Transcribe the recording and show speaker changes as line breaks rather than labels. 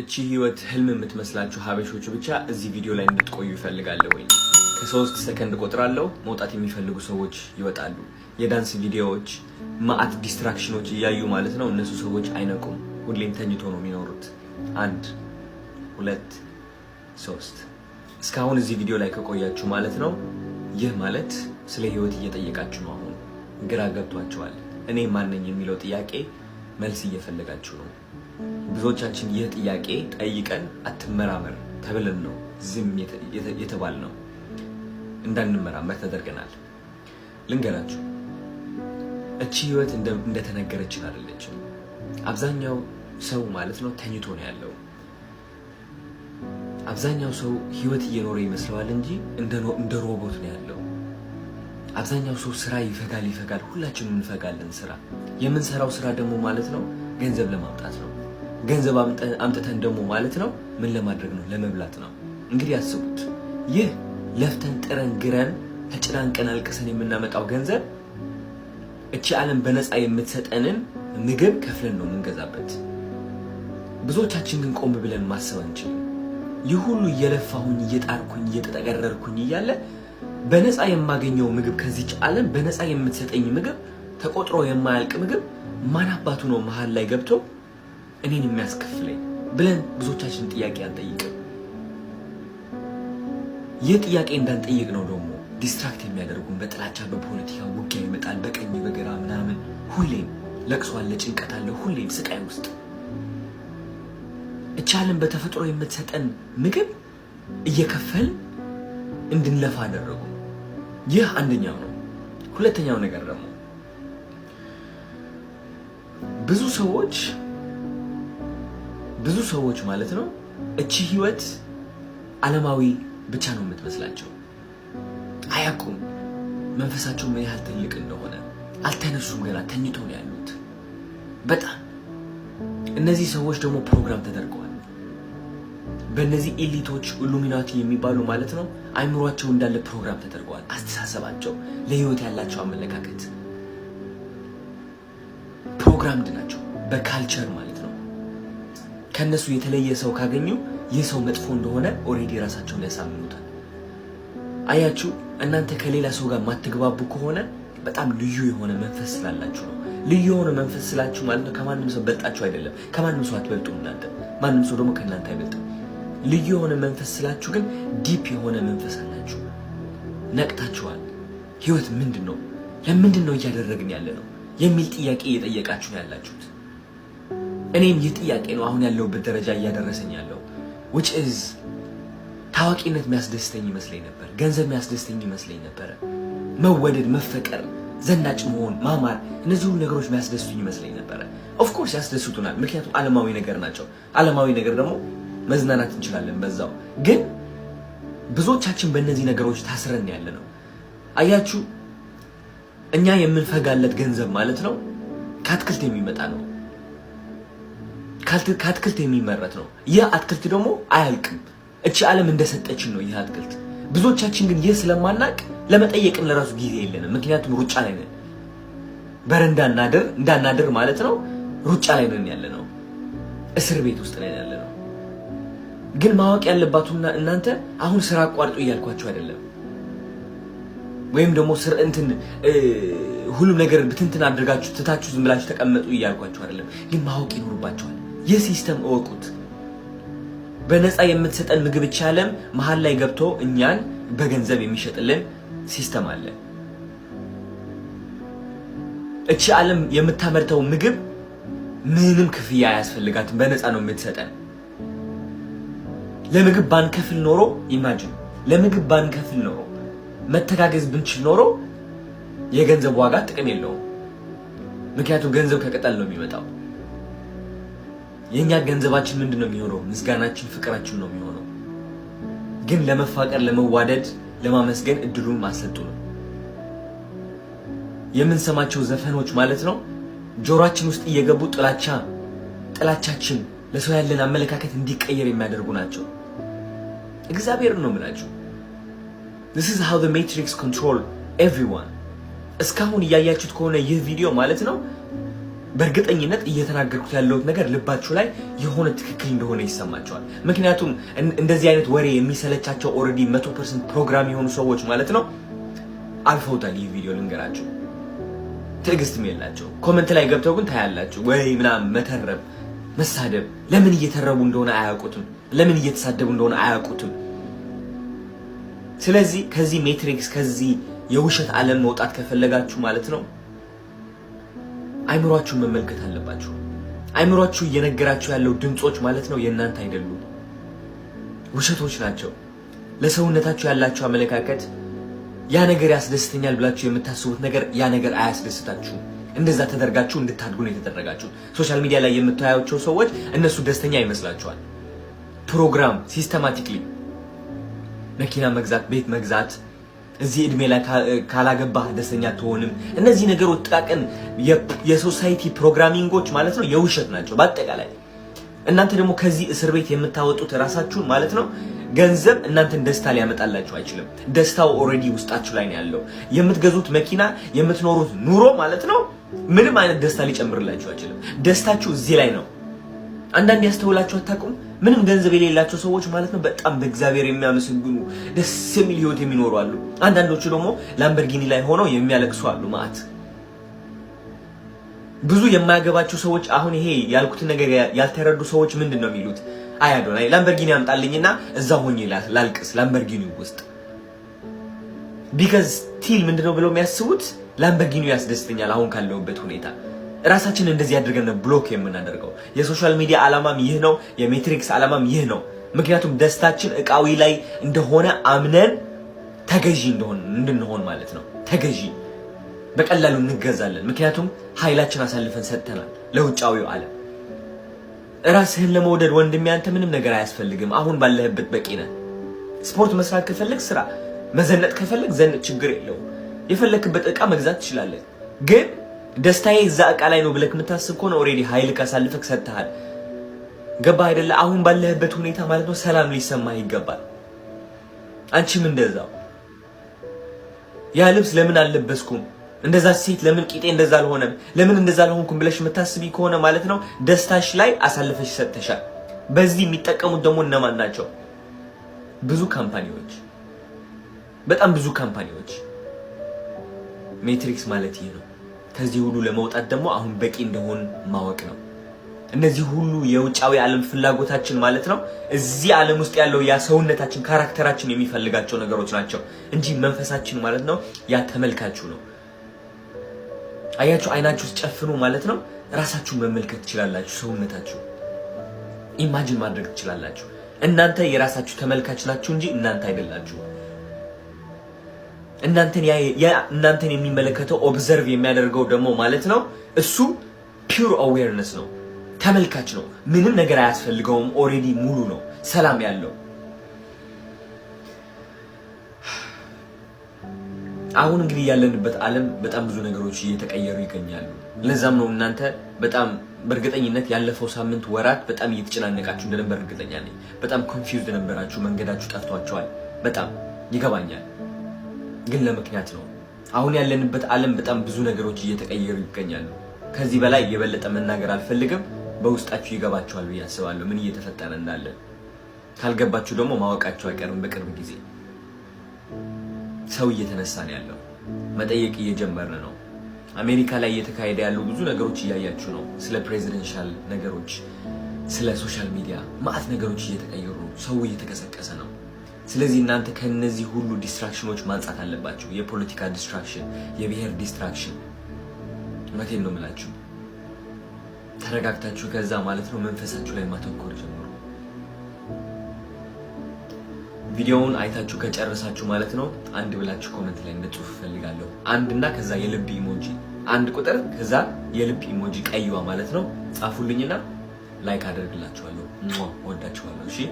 እቺ ህይወት ህልም የምትመስላችሁ ሀበሾች ብቻ እዚህ ቪዲዮ ላይ እንድትቆዩ ይፈልጋለሁ። ወይ ከሶስት ሰከንድ ቆጥራለሁ። መውጣት የሚፈልጉ ሰዎች ይወጣሉ። የዳንስ ቪዲዮዎች ማአት ዲስትራክሽኖች እያዩ ማለት ነው። እነሱ ሰዎች አይነቁም፣ ሁሌም ተኝቶ ነው የሚኖሩት። አንድ ሁለት ሶስት። እስካሁን እዚህ ቪዲዮ ላይ ከቆያችሁ ማለት ነው፣ ይህ ማለት ስለ ህይወት እየጠየቃችሁ ነው። አሁን ግራ ገብቷቸዋል እኔ ማነኝ የሚለው ጥያቄ መልስ እየፈለጋችሁ ነው። ብዙዎቻችን ይህ ጥያቄ ጠይቀን አትመራመር ተብለን ነው ዝም የተባል ነው። እንዳንመራመር ተደርገናል። ልንገራችሁ፣ እቺ ህይወት እንደተነገረችን አደለችም አብዛኛው ሰው ማለት ነው ተኝቶ ነው ያለው። አብዛኛው ሰው ህይወት እየኖረ ይመስለዋል እንጂ እንደ ሮቦት ነው ያለው። አብዛኛው ሰው ስራ ይፈጋል ይፈጋል። ሁላችንም እንፈጋለን ስራ። የምንሰራው ስራ ደግሞ ማለት ነው ገንዘብ ለማምጣት ነው። ገንዘብ አምጥተን ደግሞ ማለት ነው ምን ለማድረግ ነው? ለመብላት ነው። እንግዲህ ያስቡት። ይህ ለፍተን ጥረን ግረን ተጨናንቀን አልቅሰን የምናመጣው ገንዘብ እቺ ዓለም በነፃ የምትሰጠንን ምግብ ከፍለን ነው የምንገዛበት። ብዙዎቻችን ግን ቆም ብለን ማሰብ አንችልም። ይህ ሁሉ እየለፋሁኝ እየጣርኩኝ እየተጠቀረርኩኝ እያለ በነፃ የማገኘው ምግብ ከዚች ዓለም በነፃ የምትሰጠኝ ምግብ ተቆጥሮ የማያልቅ ምግብ ማን አባቱ ነው መሀል ላይ ገብቶ እኔን የሚያስከፍለኝ ብለን ብዙዎቻችን ጥያቄ አንጠይቅም። ይህ ጥያቄ እንዳንጠይቅ ነው ደግሞ ዲስትራክት የሚያደርጉን በጥላቻ በፖለቲካ ውጊያ ይመጣል። በቀኝ በግራ ምናምን ሁሌም ለቅሶ አለ፣ ጭንቀት አለ፣ ሁሌም ስቃይ ውስጥ እቻለን በተፈጥሮ የምትሰጠን ምግብ እየከፈል እንድንለፋ አደረጉ። ይህ አንደኛው ነው። ሁለተኛው ነገር ደግሞ ብዙ ሰዎች ብዙ ሰዎች ማለት ነው እቺ ህይወት ዓለማዊ ብቻ ነው የምትመስላቸው። አያውቁም መንፈሳቸው ምን ያህል ትልቅ እንደሆነ። አልተነሱም፣ ገና ተኝተው ነው ያሉት። በጣም እነዚህ ሰዎች ደግሞ ፕሮግራም ተደርገዋል። በእነዚህ ኤሊቶች ኢሉሚናቲ የሚባሉ ማለት ነው አይምሯቸው እንዳለ ፕሮግራም ተደርገዋል። አስተሳሰባቸው፣ ለህይወት ያላቸው አመለካከት ፕሮግራምድ ናቸው በካልቸር ማለት ከእነሱ የተለየ ሰው ካገኙ ይህ ሰው መጥፎ እንደሆነ ኦሬዲ ራሳቸውን ያሳምኑታል። አያችሁ፣ እናንተ ከሌላ ሰው ጋር ማትግባቡ ከሆነ በጣም ልዩ የሆነ መንፈስ ስላላችሁ ነው። ልዩ የሆነ መንፈስ ስላችሁ ማለት ነው ከማንም ሰው በልጣችሁ አይደለም። ከማንም ሰው አትበልጡም እናንተ። ማንም ሰው ደግሞ ከእናንተ አይበልጥም። ልዩ የሆነ መንፈስ ስላችሁ ግን ዲፕ የሆነ መንፈስ አላችሁ። ነቅታችኋል። ህይወት ምንድን ነው? ለምንድን ነው እያደረግን ያለ ነው የሚል ጥያቄ እየጠየቃችሁ ያላችሁ እኔም ይህ ጥያቄ ነው አሁን ያለሁበት ደረጃ እያደረሰኝ ያለው ውጭ እዝ ታዋቂነት የሚያስደስተኝ ይመስለኝ ነበር። ገንዘብ የሚያስደስተኝ ይመስለኝ ነበረ። መወደድ፣ መፈቀር፣ ዘናጭ መሆን፣ ማማር፣ እነዚህ ሁሉ ነገሮች የሚያስደስቱኝ ይመስለኝ ነበረ። ኦፍኮርስ ያስደስቱናል፣ ምክንያቱም ዓለማዊ ነገር ናቸው። ዓለማዊ ነገር ደግሞ መዝናናት እንችላለን በዛው። ግን ብዙዎቻችን በእነዚህ ነገሮች ታስረን ያለ ነው። አያችሁ፣ እኛ የምንፈጋለት ገንዘብ ማለት ነው ከአትክልት የሚመጣ ነው። ከአትክልት የሚመረት ነው። ይህ አትክልት ደግሞ አያልቅም። እቺ ዓለም እንደሰጠችን ነው ይህ አትክልት። ብዙዎቻችን ግን ይህ ስለማናቅ ለመጠየቅም ለራሱ ጊዜ የለንም። ምክንያቱም ሩጫ ላይ ነን። እንዳናድር እንዳናድር ማለት ነው። ሩጫ ላይ ነን ያለ ነው። እስር ቤት ውስጥ ላይ ያለ ነው። ግን ማወቅ ያለባችሁ እናንተ አሁን ስራ አቋርጡ እያልኳችሁ አይደለም። ወይም ደግሞ ስር እንትን ሁሉም ነገር ብትንትን አድርጋችሁ ትታችሁ ዝም ብላችሁ ተቀመጡ እያልኳችሁ አይደለም። ግን ማወቅ ይኖርባችኋል። ይህ ሲስተም እወቁት። በነፃ የምትሰጠን ምግብ ብቻ አለም መሀል ላይ ገብቶ እኛን በገንዘብ የሚሸጥልን ሲስተም አለ። እቺ ዓለም የምታመርተው ምግብ ምንም ክፍያ አያስፈልጋትም፣ በነፃ ነው የምትሰጠን። ለምግብ ባንከፍል ኖሮ ኢማጂን፣ ለምግብ ባንከፍል ኖሮ መተጋገዝ ብንችል ኖሮ የገንዘብ ዋጋ ጥቅም የለውም። ምክንያቱም ገንዘብ ከቅጠል ነው የሚመጣው። የእኛ ገንዘባችን ምንድን ነው የሚሆነው? ምስጋናችን፣ ፍቅራችን ነው የሚሆነው። ግን ለመፋቀር፣ ለመዋደድ፣ ለማመስገን እድሉን ማሰጡ ነው። የምንሰማቸው ዘፈኖች ማለት ነው ጆሯችን ውስጥ እየገቡ ጥላቻ ጥላቻችን ለሰው ያለን አመለካከት እንዲቀየር የሚያደርጉ ናቸው። እግዚአብሔር ነው የምላችሁ። this is how the matrix control everyone እስካሁን እያያችሁት ከሆነ ይህ ቪዲዮ ማለት ነው በእርግጠኝነት እየተናገርኩት ያለሁት ነገር ልባችሁ ላይ የሆነ ትክክል እንደሆነ ይሰማቸዋል። ምክንያቱም እንደዚህ አይነት ወሬ የሚሰለቻቸው ኦልሬዲ መቶ ፐርሰንት ፕሮግራም የሆኑ ሰዎች ማለት ነው አልፈውታል። ይህ ቪዲዮ ልንገራቸው ትዕግስትም የላቸው። ኮመንት ላይ ገብተው ግን ታያላቸው ወይ ምናምን መተረብ፣ መሳደብ። ለምን እየተረቡ እንደሆነ አያውቁትም። ለምን እየተሳደቡ እንደሆነ አያውቁትም። ስለዚህ ከዚህ ሜትሪክስ ከዚህ የውሸት ዓለም መውጣት ከፈለጋችሁ ማለት ነው አይምሯችሁን መመልከት አለባችሁ። አይምሯችሁ እየነገራችሁ ያለው ድምፆች ማለት ነው የእናንተ አይደሉም፣ ውሸቶች ናቸው። ለሰውነታችሁ ያላችሁ አመለካከት ያ ነገር ያስደስተኛል ብላችሁ የምታስቡት ነገር ያ ነገር አያስደስታችሁም። እንደዛ ተደርጋችሁ እንድታድጉ ነው የተደረጋችሁ። ሶሻል ሚዲያ ላይ የምታያቸው ሰዎች እነሱ ደስተኛ ይመስላችኋል። ፕሮግራም ሲስተማቲክሊ መኪና መግዛት፣ ቤት መግዛት እዚህ እድሜ ላይ ካላገባህ ደስተኛ አትሆንም። እነዚህ ነገሮች ጥቃቅን የሶሳይቲ ፕሮግራሚንጎች ማለት ነው፣ የውሸት ናቸው በአጠቃላይ። እናንተ ደግሞ ከዚህ እስር ቤት የምታወጡት ራሳችሁን ማለት ነው። ገንዘብ እናንተን ደስታ ሊያመጣላችሁ አይችልም። ደስታው ኦልሬዲ ውስጣችሁ ላይ ነው ያለው። የምትገዙት መኪና፣ የምትኖሩት ኑሮ ማለት ነው ምንም አይነት ደስታ ሊጨምርላችሁ አይችልም። ደስታችሁ እዚህ ላይ ነው። አንዳንድ ያስተውላችሁ አታውቁም? ምንም ገንዘብ የሌላቸው ሰዎች ማለት ነው በጣም በእግዚአብሔር የሚያመሰግኑ ደስ የሚል ህይወት የሚኖሩ አሉ። አንዳንዶቹ ደግሞ ላምበርጊኒ ላይ ሆነው የሚያለቅሱ አሉ። ማለት ብዙ የማያገባቸው ሰዎች አሁን ይሄ ያልኩትን ነገር ያልተረዱ ሰዎች ምንድን ነው የሚሉት? አያዶ ላይ ላምበርጊኒ አምጣልኝና እዛ ሆኜ ላልቅስ ላምበርጊኒ ውስጥ ቢካዝ ስቲል ምንድነው ብለው የሚያስቡት ላምበርጊኒ ያስደስተኛል አሁን ካለውበት ሁኔታ ራሳችን እንደዚህ አድርገን ብሎክ የምናደርገው። የሶሻል ሚዲያ ዓላማም ይህ ነው። የሜትሪክስ ዓላማም ይህ ነው። ምክንያቱም ደስታችን እቃዊ ላይ እንደሆነ አምነን ተገዢ እንድንሆን ማለት ነው። ተገዢ በቀላሉ እንገዛለን። ምክንያቱም ኃይላችን አሳልፈን ሰጥተናል ለውጫዊው ዓለም። ራስህን ለመውደድ ወንድሜ አንተ ምንም ነገር አያስፈልግም። አሁን ባለህበት በቂ ነህ። ስፖርት መስራት ከፈለግ ስራ፣ መዘነጥ ከፈለግ ዘነጥ፣ ችግር የለውም። የፈለክበት እቃ መግዛት ትችላለህ ግን ደስታዬ እዛ እቃ ላይ ነው ብለህ የምታስብ ከሆነ ኦልሬዲ ኃይል ካሳልፈክ ሰጥተሃል። ገባ አይደለ? አሁን ባለህበት ሁኔታ ማለት ነው ሰላም ሊሰማህ ይገባል። አንቺም እንደዛው። ያ ልብስ ለምን አልለበስኩም፣ እንደዛ ሴት ለምን ቂጤ እንደዛ አልሆነም፣ ለምን እንደዛ አልሆንኩም ብለሽ የምታስቢ ከሆነ ማለት ነው ደስታሽ ላይ አሳልፈሽ ሰጥተሻል። በዚህ የሚጠቀሙት ደግሞ እነማን ናቸው? ብዙ ካምፓኒዎች፣ በጣም ብዙ ካምፓኒዎች። ሜትሪክስ ማለት ይህ ነው። ከዚህ ሁሉ ለመውጣት ደግሞ አሁን በቂ እንደሆን ማወቅ ነው። እነዚህ ሁሉ የውጫዊ ዓለም ፍላጎታችን ማለት ነው እዚህ ዓለም ውስጥ ያለው ያ ሰውነታችን ካራክተራችን የሚፈልጋቸው ነገሮች ናቸው እንጂ መንፈሳችን ማለት ነው ያ ተመልካችሁ ነው። አያችሁ፣ አይናችሁ ውስጥ ጨፍኑ ማለት ነው ራሳችሁን መመልከት ትችላላችሁ። ሰውነታችሁ ኢማጅን ማድረግ ትችላላችሁ። እናንተ የራሳችሁ ተመልካች ናችሁ እንጂ እናንተ አይደላችሁ። እናንተን የሚመለከተው ኦብዘርቭ የሚያደርገው ደግሞ ማለት ነው እሱ ፒውር አዌርነስ ነው፣ ተመልካች ነው። ምንም ነገር አያስፈልገውም። ኦልሬዲ ሙሉ ነው፣ ሰላም ያለው አሁን እንግዲህ ያለንበት ዓለም በጣም ብዙ ነገሮች እየተቀየሩ ይገኛሉ። ለዛም ነው እናንተ በጣም በእርግጠኝነት ያለፈው ሳምንት ወራት በጣም እየተጨናነቃችሁ እንደነበር እርግጠኛ ነኝ። በጣም ኮንፊውዝድ ነበራችሁ፣ መንገዳችሁ ጠፍቷቸዋል። በጣም ይገባኛል። ግን ለምክንያት ነው። አሁን ያለንበት ዓለም በጣም ብዙ ነገሮች እየተቀየሩ ይገኛሉ። ከዚህ በላይ የበለጠ መናገር አልፈልግም። በውስጣችሁ ይገባችኋል ብዬ አስባለሁ ምን እየተፈጠረ እንዳለ። ካልገባችሁ ደግሞ ማወቃችሁ አይቀርም። በቅርብ ጊዜ ሰው እየተነሳ ነው ያለው፣ መጠየቅ እየጀመርን ነው። አሜሪካ ላይ እየተካሄደ ያሉ ብዙ ነገሮች እያያችሁ ነው። ስለ ፕሬዚደንሻል ነገሮች፣ ስለ ሶሻል ሚዲያ ማዕት ነገሮች እየተቀየሩ ነው። ሰው እየተቀሰቀሰ ነው። ስለዚህ እናንተ ከነዚህ ሁሉ ዲስትራክሽኖች ማንጻት አለባችሁ። የፖለቲካ ዲስትራክሽን፣ የብሔር ዲስትራክሽን። እውነቴን ነው የምላችሁ። ተረጋግታችሁ ከዛ ማለት ነው መንፈሳችሁ ላይ ማተኮር ጀምሩ። ቪዲዮውን አይታችሁ ከጨረሳችሁ ማለት ነው አንድ ብላችሁ ኮመንት ላይ እንደ ጽሁፍ እፈልጋለሁ። አንድና ከዛ የልብ ኢሞጂ አንድ ቁጥር ከዛ የልብ ኢሞጂ ቀይዋ ማለት ነው ጻፉልኝና ላይክ አደርግላችኋለሁ። ወዳችኋለሁ። እሺ